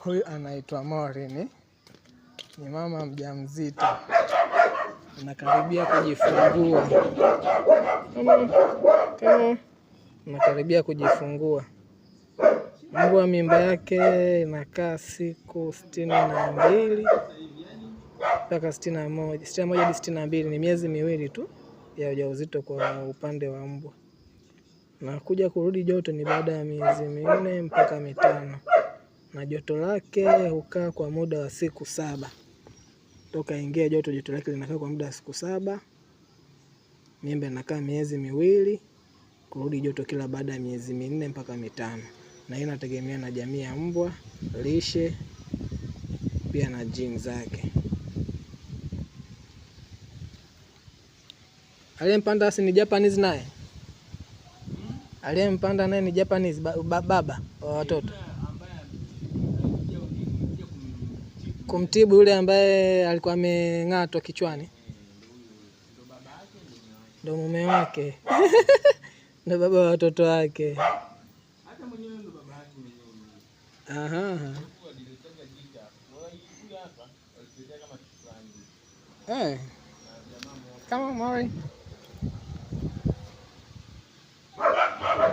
Huyu anaitwa Morini, ni mama mjamzito nakaribia kujifungua, nakaribia kujifungua. Mungu wa mimba yake inakaa siku sitini na mbili mpaka sitini na moja sitini na moja hadi sitini na mbili ni miezi miwili tu ya ujauzito kwa upande wa mbwa, na kuja kurudi joto ni baada ya miezi minne mpaka mitano na joto lake hukaa kwa muda wa siku saba toka ingia joto, joto lake linakaa kwa muda wa siku saba. miembe inakaa miezi miwili kurudi joto kila baada ya miezi minne mpaka mitano, na hii inategemea na jamii ya mbwa, lishe pia na jini zake. Aliyempanda asi ni Japanese naye, hmm? aliyempanda naye ni Japanese ba, ba, baba wa watoto. kumtibu yule ambaye alikuwa ameng'atwa kichwani, ndo mume wake ndo baba wa watoto wake. Aha. Hey. Eh. on, mori